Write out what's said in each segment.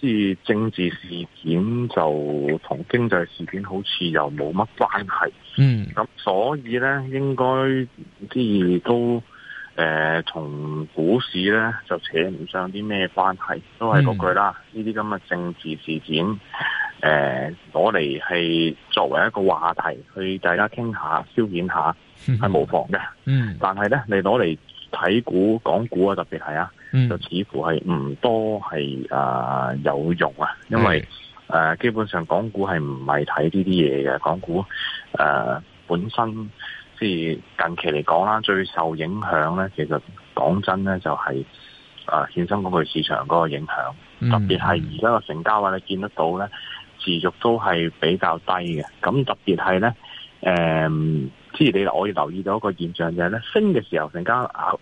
即係政治事件就同經濟事件好似又冇乜關係，嗯，咁所以咧，應該即係都誒，同、呃、股市咧就扯唔上啲咩關係，都係嗰句啦。呢啲咁嘅政治事件，誒、呃，攞嚟係作為一個話題去大家傾下，消遣下係、嗯、無妨嘅，嗯，但係咧，你攞嚟睇股講股啊，特別係啊。就似乎係唔多係啊有用啊，因為誒基本上港股係唔係睇呢啲嘢嘅。港股誒本身即係近期嚟講啦，最受影響咧，其實講真咧就係啊衍生嗰個市場嗰個影響，特別係而家個成交位你見得到咧，持續都係比較低嘅，咁特別係咧誒，即係你我留意到一個現象就係、是、咧升嘅時候成交啊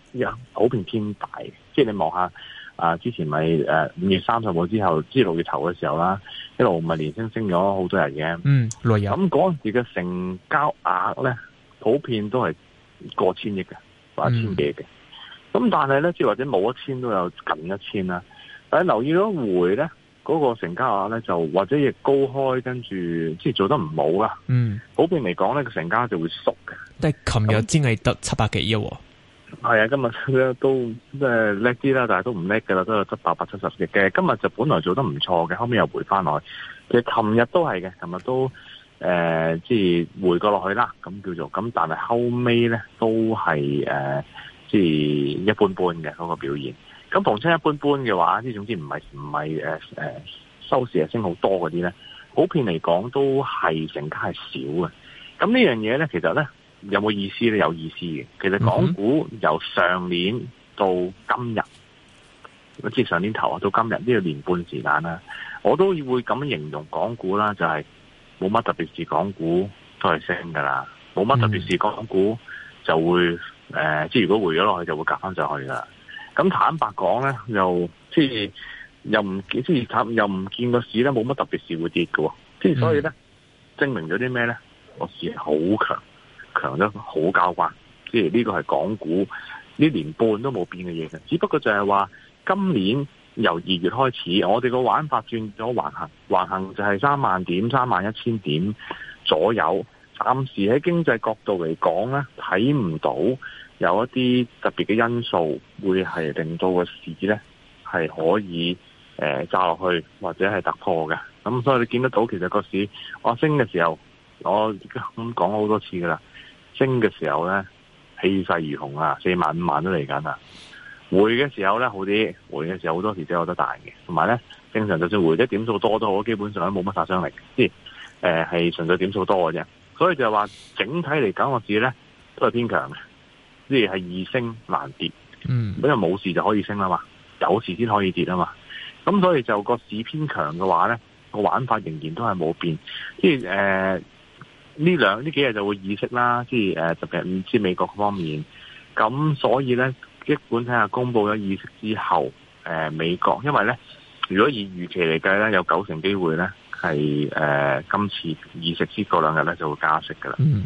普遍偏大。即係你望下，啊之前咪誒五月三十號之後，至六月頭嘅時候啦，一路咪連升升咗好多人嘅。嗯，咁嗰時嘅成交額咧，普遍都係過千億嘅，或一千幾億嘅。咁、嗯、但係咧，即係或者冇一千都有近一千啦。但係留意咗回咧，嗰、嗰個成交額咧就或者亦高開，跟住即係做得唔好啦。嗯，普遍嚟講咧，個成交就會縮嘅。但係琴日先係得七百幾億。係啊，今日咧都即係叻啲啦，但係都唔叻噶啦，都有七八百七十億嘅。今日就本來做得唔錯嘅，後面又回翻落去。其實琴日都係嘅，琴日都誒，即、呃、係回過落去啦，咁叫做。咁但係後尾咧都係誒，即、呃、係一般般嘅嗰、那個表現。咁平均一般般嘅話，呢，總之唔係唔係誒誒收市係升好多嗰啲咧，普遍嚟講都係成交係少嘅。咁呢樣嘢咧，其實咧。有冇意思咧？有意思嘅，其實港股由上年到今日，即、嗯、知、嗯、上年頭啊到今日呢、這個年半時間啦，我都會咁樣形容港股啦、就是，就係冇乜特別事。港股都係升噶啦，冇乜特別事。港股就會誒、呃，即係如果回咗落去就會夾翻上去噶啦。咁坦白講咧，又即係又唔即係又唔見個市咧，冇乜特別事會跌噶。即係所以咧，證明咗啲咩咧？個市好強。強得好交關，即係呢個係港股呢年半都冇變嘅嘢嘅，只不過就係話今年由二月開始，我哋個玩法轉咗橫行，橫行就係三萬點、三萬一千點左右。暫時喺經濟角度嚟講咧，睇唔到有一啲特別嘅因素會係令到個市咧係可以誒炸落去，或者係突破嘅。咁所以你見得到，其實個市我升嘅時候，我咁講好多次噶啦。升嘅時候咧，氣勢如虹啊，四萬五萬都嚟緊啊！回嘅時候咧好啲，回嘅時候好多時都有得彈嘅。同埋咧，正常就算回得點數多都好，基本上都冇乜殺傷力，即係誒係純粹點數多嘅啫。所以就係話整體嚟講個市咧都係偏強嘅，即係係易升難跌。嗯，因為冇事就可以升啦嘛，有事先可以跌啊嘛。咁所以就個市偏強嘅話咧，個玩法仍然都係冇變，即係誒。呃呢兩呢幾日就會議息啦，即係誒特別係唔知美國方面，咁所以咧，即管睇下公佈咗議息之後，誒、呃、美國，因為咧，如果以預期嚟計咧，有九成機會咧係誒今次議息之後兩日咧就會加息噶啦。嗯，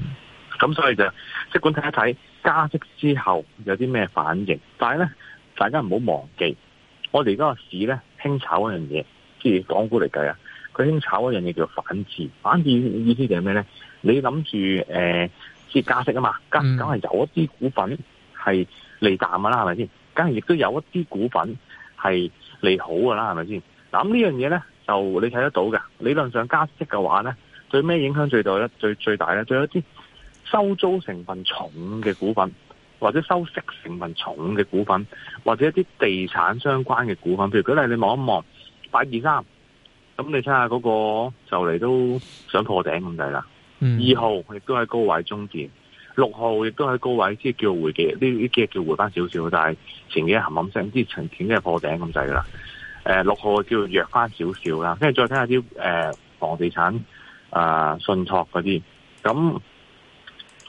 咁、嗯、所以就即管睇一睇加息之後有啲咩反應，但係咧，大家唔好忘記，我哋而家個市咧，輕炒嗰樣嘢，即係港股嚟計啊，佢輕炒嗰樣嘢叫反智，反智意思就係咩咧？你諗住誒，即、呃、加息啊嘛，加梗係有一啲股份係利淡噶啦，係咪先？梗係亦都有一啲股份係利好噶啦，係咪先？嗱，咁呢樣嘢咧，就你睇得到嘅。理論上加息嘅話咧，對咩影響最大咧？最最大咧，就一啲收租成分重嘅股份，或者收息成分重嘅股份，或者一啲地產相關嘅股份。譬如舉例，你望一望八二三，咁你睇下嗰個就嚟都想破頂咁滯啦。二、嗯、號亦都喺高位中段，六號亦都喺高位，即係叫回嘅，呢呢幾日叫回翻少少，但係前幾日冚冚聲，即係曾經嘅破頂咁滯㗎啦。誒，六號叫弱翻少少啦，跟住再睇下啲誒房地產誒、呃、信託嗰啲，咁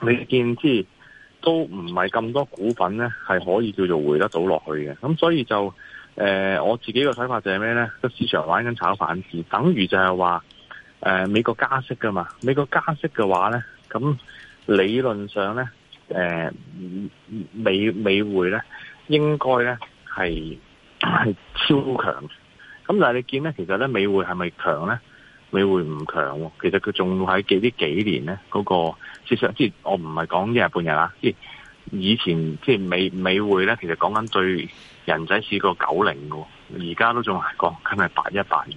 你見知都唔係咁多股份咧，係可以叫做回得到落去嘅。咁所以就誒、呃、我自己嘅睇法就係咩咧？個市場玩緊炒反智，等於就係話。誒、呃，美國加息噶嘛？美國加息嘅話咧，咁理論上咧，誒、呃、美美匯咧，應該咧係係超強。咁但係你見咧，其實咧美匯係咪強咧？美匯唔強，其實佢仲喺幾呢幾年咧，嗰、那個事實即係我唔係講一日半日啊。即係以前即係美美匯咧，其實講緊對人仔試過九零嘅，而家都仲係講緊係八一八二，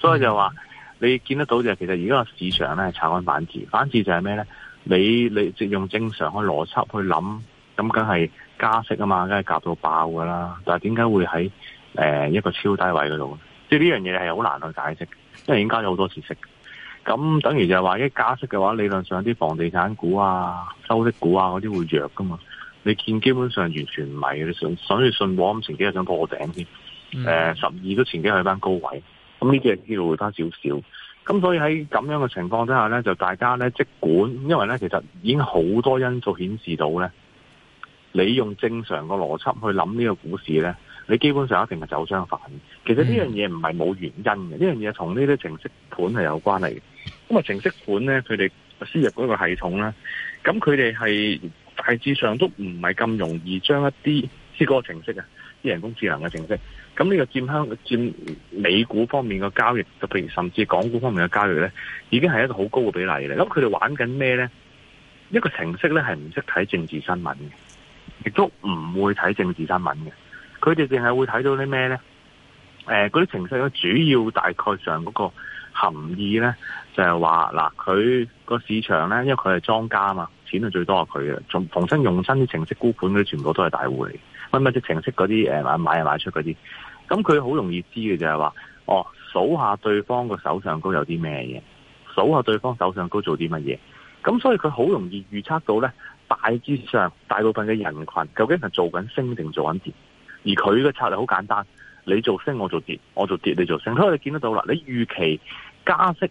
所以就話。嗯你見得到就係其實而家個市場咧係炒緊反智，反智就係咩咧？你你用正常嘅邏輯去諗，咁梗係加息啊嘛，梗係夾到爆噶啦。但係點解會喺誒、呃、一個超低位嗰度？即係呢樣嘢係好難去解釋，因為已經加咗好多次息。咁等於就係話，一加息嘅話，理論上啲房地產股啊、收息股啊嗰啲會弱噶嘛。你見基本上完全唔係，你想，所以信和咁，前幾日想破頂添。誒、嗯，十、呃、二都前幾日喺翻高位。咁呢啲係機會會差少少，咁所以喺咁樣嘅情況之下呢就大家呢即管，因為呢其實已經好多因素顯示到呢，你用正常嘅邏輯去諗呢個股市呢，你基本上一定係走相反。其實呢樣嘢唔係冇原因嘅，呢樣嘢同呢啲程式盤係有關係嘅。咁啊，程式盤呢，佢哋輸入嗰個系統呢，咁佢哋係大致上都唔係咁容易將一啲。啲、那個程式啊，啲人工智能嘅程式，咁呢個佔香佔美股方面嘅交易，就譬如甚至港股方面嘅交易咧，已經係一個好高嘅比例嚟。咁佢哋玩緊咩咧？一個程式咧係唔識睇政治新聞嘅，亦都唔會睇政治新聞嘅。佢哋淨係會睇到啲咩咧？誒、呃，嗰啲程式嘅主要大概上嗰個含義咧，就係話嗱，佢個市場咧，因為佢係莊家啊嘛，錢係最多係佢嘅，從重新用新啲程式沽盤嗰啲全部都係大戶嚟。分乜即程式嗰啲誒買買,買出嗰啲，咁佢好容易知嘅就係話，哦數下對方個手上高有啲咩嘢，數下對方手上高做啲乜嘢，咁所以佢好容易預測到呢，大致上大,大部分嘅人群究竟係做緊升定做緊跌，而佢嘅策略好簡單，你做升我做跌，我做跌你做升，所以你見得到啦，你預期加息，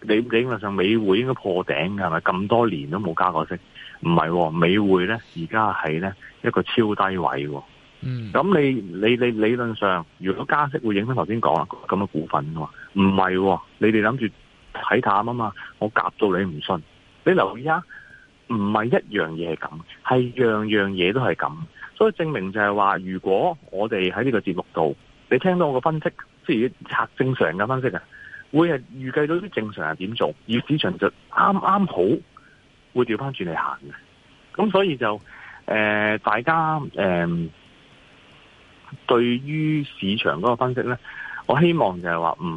你理論上美匯應該破頂嘅係咪？咁多年都冇加過息。唔係、哦，美匯咧，而家係咧一個超低位、哦。嗯，咁你你你,你理論上，如果加息會影響頭先講咁嘅股份喎，唔係、哦嗯，你哋諗住睇淡啊嘛，我夾到你唔信。你留意下，唔係一樣嘢係咁，係樣樣嘢都係咁，所以證明就係話，如果我哋喺呢個節目度，你聽到我嘅分析，即係拆正常嘅分析嘅，會係預計到啲正常人點做，而市場就啱啱好。會調翻轉嚟行嘅，咁所以就誒、呃，大家誒、呃，對於市場嗰個分析咧，我希望就係話唔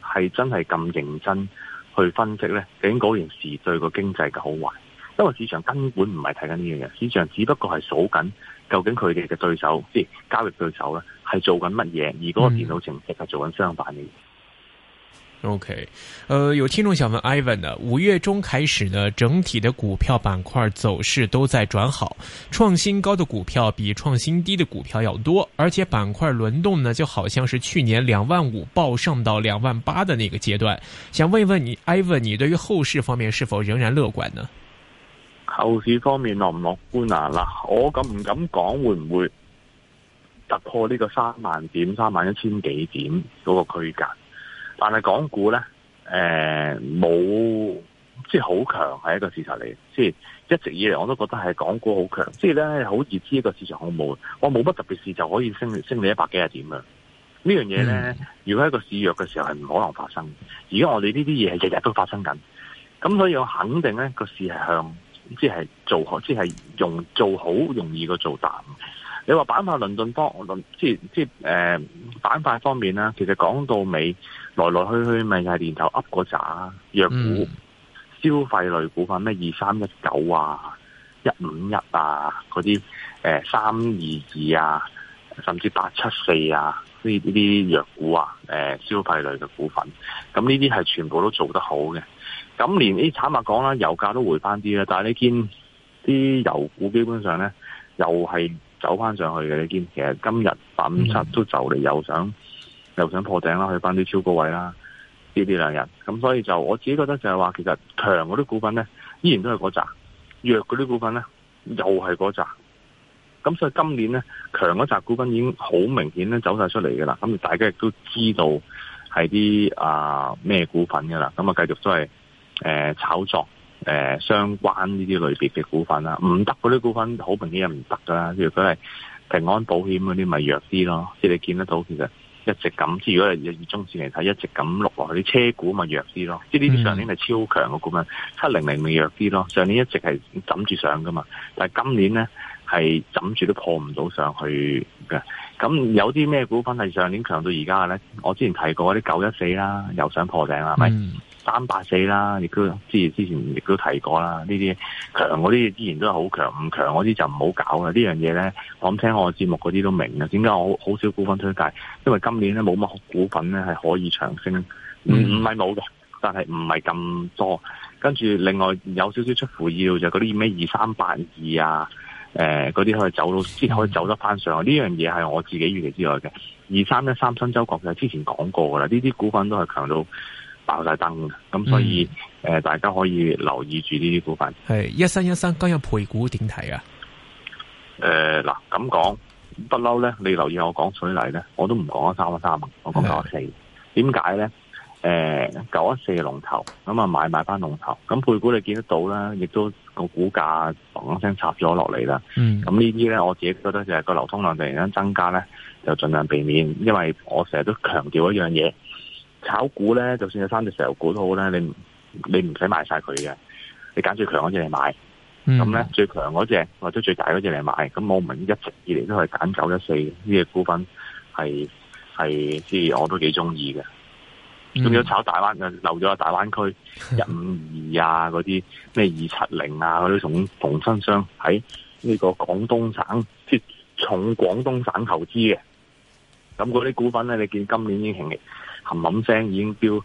好係真係咁認真去分析咧，究竟件事對個經濟嘅好壞，因為市場根本唔係睇緊呢樣嘢，市場只不過係數緊究竟佢哋嘅對手，即係交易對手咧，係做緊乜嘢，而個電腦程式係做緊相反嘅。嗯 OK，呃，有聽眾想問 Ivan 呢？五月中開始呢，整體的股票板塊走勢都在轉好，創新高的股票比創新低的股票要多，而且板塊輪動呢，就好像是去年兩萬五爆上到兩萬八的那個階段。想問一問你，Ivan，你對於後市方面是否仍然樂觀呢？後市方面樂唔樂觀啊？嗱，我敢唔敢講會唔會突破呢個三萬點、三萬一千幾點嗰個區間。但係港股咧，誒、呃、冇即係好強係一個事實嚟，即係一直以嚟我都覺得係港股好強，即係咧好自知一個市場好冇。我冇乜特別事就可以升升你一百幾廿點樣。呢樣嘢咧，如果係一個市弱嘅時候係唔可能發生。而家我哋呢啲嘢係日日都發生緊，咁所以我肯定咧個市係向，即係做，做好做，即係用做好容易過做淡。你話板塊輪動方即係即係誒板塊方面啦，其實講到尾。來來去去咪係年頭 up 嗰紮藥股、消費類股份咩二三一九啊、一五一啊嗰啲誒三二二啊，甚至八七四啊呢呢啲藥股啊誒消費類嘅股份，咁呢啲係全部都做得好嘅。咁連坦白講啦，油價都回翻啲啦，但係你見啲油股基本上咧又係走翻上去嘅。你見其實今日八五七都就嚟又想又想破頂啦，去返啲超高位啦，呢啲兩日咁，所以就我自己覺得就係話，其實強嗰啲股份咧，依然都係嗰紮；弱嗰啲股份咧，又係嗰扎。咁所以今年咧，強嗰扎股份已經好明顯咧走晒出嚟嘅啦。咁大家亦都知道係啲啊咩股份嘅啦。咁啊，繼續都係誒、呃、炒作誒、呃、相關呢啲類別嘅股份啦。唔得嗰啲股份好明顯係唔得噶啦。譬如佢係平安保險嗰啲，咪弱啲咯。即你見得到其實。一直咁，即如果係以中線嚟睇，一直咁落落去，啲車股咪弱啲咯。即係呢啲上年係超強嘅股份，七零零咪弱啲咯。上年一直係枕住上噶嘛，但係今年咧係枕住都破唔到上去嘅。咁有啲咩股份係上年強到而家咧？我之前提過啲九一四啦，又想破頂啦，係、嗯、咪？三百四啦，亦都之之前亦都提過啦。呢啲強嗰啲之前都係好強，唔強嗰啲就唔好搞啦。呢樣嘢呢，我諗聽我節目嗰啲都明嘅。點解我好少股份推介？因為今年呢，冇乜股份呢係可以長升，唔係冇嘅，但係唔係咁多。跟住另外有少少出乎意料就嗰啲咩二三八二啊，誒嗰啲可以走到先係、嗯、可以走得翻上。呢樣嘢係我自己預期之外嘅。二三一三申洲國際之前講過噶啦，呢啲股份都係強到。爆晒燈咁所以誒，大家可以留意住呢啲股份。係、嗯、一生一生，今日配股點睇啊？誒嗱，咁講不嬲咧，你留意我講水泥咧，我都唔講三蚊三文，3, 我講九蚊四。點解咧？誒，九一四嘅龍頭，咁啊買買翻龍頭。咁配股你見得到啦，亦都個股價咣一聲插咗落嚟啦。嗯。咁呢啲咧，我自己覺得就係個流通量突然間增加咧，就盡量避免，因為我成日都強調一樣嘢。炒股咧，就算有三隻石油股都好咧，你唔你唔使賣晒佢嘅，你揀最強嗰隻嚟買，咁、嗯、咧最強嗰隻或者最大嗰隻嚟買，咁我們一直以嚟都係揀九一四呢隻股份，係係即係我都幾中意嘅。仲、嗯、要炒大灣嘅，留咗、啊啊、個大灣區一五二啊嗰啲咩二七零啊嗰啲種逢新商喺呢個廣東省即係從廣東省投資嘅，咁嗰啲股份咧，你見今年已經。冚冚聲已經飆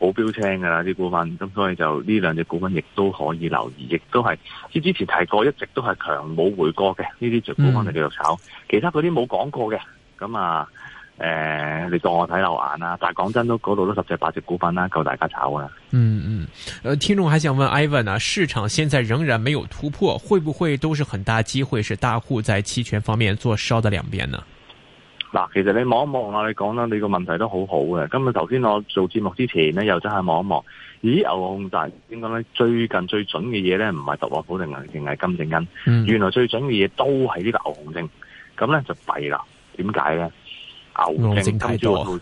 冇飆青噶啦啲股份，咁所以就呢兩隻股份亦都可以留意，亦都係之之前提過，一直都係強冇回過嘅呢啲隻股份嚟繼續炒，其他嗰啲冇講過嘅，咁啊誒，你當我睇漏眼啊，但係講真都嗰度都十隻八隻股份啦，夠大家炒啦。嗯嗯，誒，聽眾還想問 Ivan 啊，市場現在仍然沒有突破，會不會都是很大機會是大戶在期權方面做燒的兩邊呢？ 嗯嗯嗱，其實你望一望啊，你講啦，你個問題都好好嘅。咁啊，頭先我做節目之前咧，又真係望一望，咦，牛熊債點講咧？最近最準嘅嘢咧，唔係特朗普定係定係金正恩、嗯，原來最準嘅嘢都係個牛熊證。咁咧就弊啦。點解咧？牛證今朝報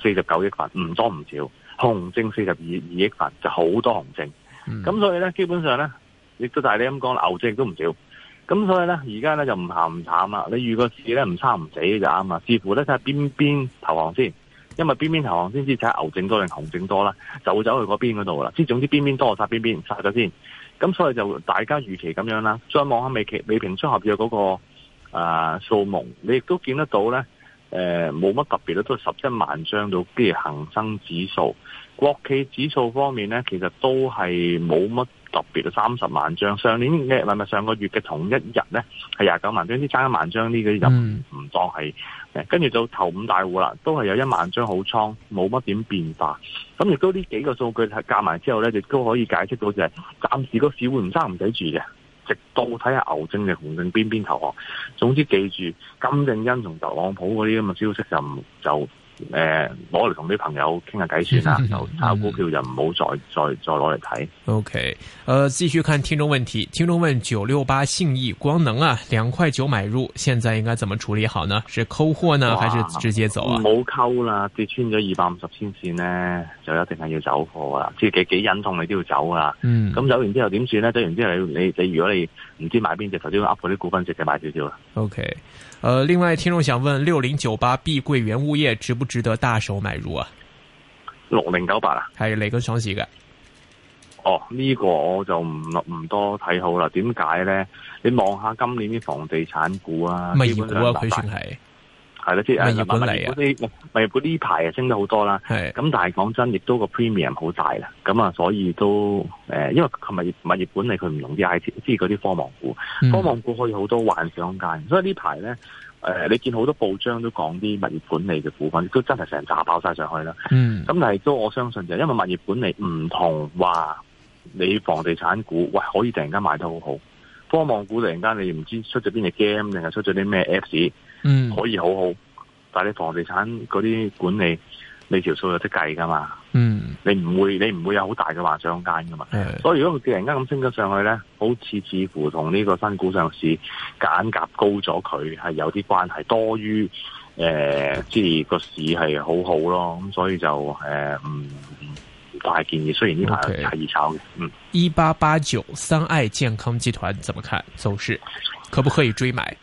四十九億份，唔多唔少；熊證四十二二億份，就好多熊證。咁、嗯、所以咧，基本上咧，亦都大你咁講，牛證都唔少。咁所以咧，而家咧就唔鹹唔淡啦。你預個市咧唔差唔死就啱啦。視乎咧睇下邊邊投行先，因為邊邊投行先知睇下牛證多定熊證多啦，就會走去嗰邊嗰度啦。即總之邊邊多殺邊邊殺咗先。咁所以就大家預期咁樣啦。再望下未平倉合約嘅嗰、嗰個啊、呃、數目，你亦都見得到咧。誒、呃，冇乜特別咧，都十一萬張到。跟住恆生指數、國企指數方面咧，其實都係冇乜。特別啊，三十萬張，上年嘅唔係，上個月嘅同一日咧，係廿九萬張，先差一萬張呢啲又唔當係。跟住到頭五大戶啦，都係有一萬張好倉，冇乜點變化。咁亦都呢幾個數據加埋之後咧，亦都可以解釋到就係、是、暫時個市會唔生唔死住嘅，直到睇下牛證定熊證邊邊投降。總之記住，金正恩同特朗普嗰啲咁嘅消息就就。誒、呃，攞嚟同啲朋友傾下偈算啦，又、嗯、炒股票就唔好再再再攞嚟睇。O K，誒，繼續看聽眾問題。聽眾問：九六八信義光能啊，兩塊九買入，現在應該怎麼處理好呢？是溝貨呢，還是直接走啊？唔好溝啦，跌穿咗二百五十天線呢，就一定係要走貨啦。即幾幾忍痛你都要走啦、啊。嗯，咁走完之後點算呢？走完之後你你，你，你如果你唔知買邊隻，頭先嗰啲股份直接買少少啦。O K，誒，另外聽眾想問：六零九八碧桂園物業值不？值得大手買入啊！六零九八啊，係嚟緊上市嘅。哦，呢、這個我就唔唔多睇好啦。點解咧？你望下今年啲房地產股啊，物業股啊，佢算係係啦，即係物業管理啊，物業嗰呢排啊升得好多啦。係咁，但係講真，亦都個 premium 好大啦。咁啊，所以都誒、呃，因為佢物物業管理佢唔同啲 I T，即係嗰啲科網股、嗯，科網股可以好多幻想間，所以呢排咧。誒、呃，你見好多報章都講啲物業管理嘅股份，都真係成炸爆晒上去啦。咁、mm. 但係都我相信就係，因為物業管理唔同話你房地產股，喂可以突然間賣得好好，科網股，突然間你唔知出咗邊隻 game，定係出咗啲咩 apps，可以好好，mm. 但係你房地產嗰啲管理。你條數有得計噶嘛？嗯，你唔會你唔會有好大嘅幻想間噶嘛？所以如果佢突然間咁升咗上去咧，好似似乎同呢個新股上市夾硬夾高咗佢係有啲關係，多於誒，即係個市係好好咯。咁所以就誒，唔、呃、大建議，雖然呢排係易炒嘅，okay. 嗯，一八八九三愛健康集團，怎麼看走勢，可不可以追買？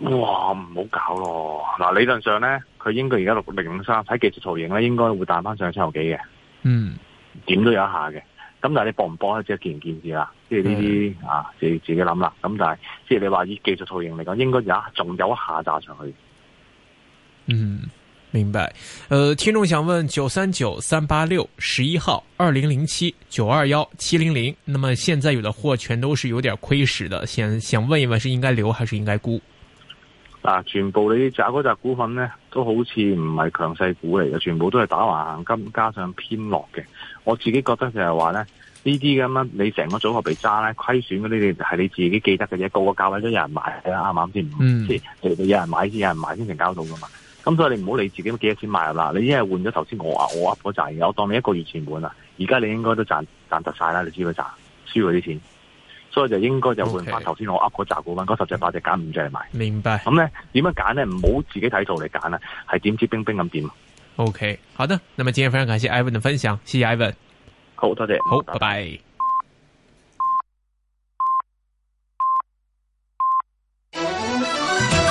哇，唔好搞咯！嗱，理論上咧，佢應該而家六零五三，睇技術圖形咧，應該會彈翻上去七毫幾嘅。嗯，點都有一下嘅。咁但係你博唔博咧，即係見仁見智啦。即係呢啲啊，自己自己諗啦。咁但係，即係你話以技術圖形嚟講，應該啊，仲有一下打上去。嗯，明白。誒、呃，聽眾想問九三九三八六十一號二零零七九二幺七零零，那麼現在有的貨全都是有點虧蝕的，想想問一問是應該留還是應該沽？啊！全部你揸嗰扎股份咧，都好似唔係強勢股嚟嘅，全部都係打橫行金加上偏落嘅。我自己覺得就係話咧，呢啲咁樣，你成個組合被揸咧虧損嗰啲，係你自己記得嘅啫。個個價位都有人買啦，啱啱先？先，你你有人買先，有人買先成交到噶嘛？咁所以你唔好你自己都幾多錢買入啦。你因為換咗頭先我話我噏嗰扎，我當你一個月前換啦。而家你應該都賺賺得晒啦，你知唔知輸嗰啲錢。所以就應該就換翻頭先我噏嗰扎股份，嗰十隻八隻揀五隻嚟買。明白。咁咧，點樣揀咧？唔好自己睇圖嚟揀啊，係點知冰冰咁點。OK，好的。那麼今日非常感謝 Ivan 嘅分享，謝謝 Ivan。好，多謝。好，拜拜。Bye bye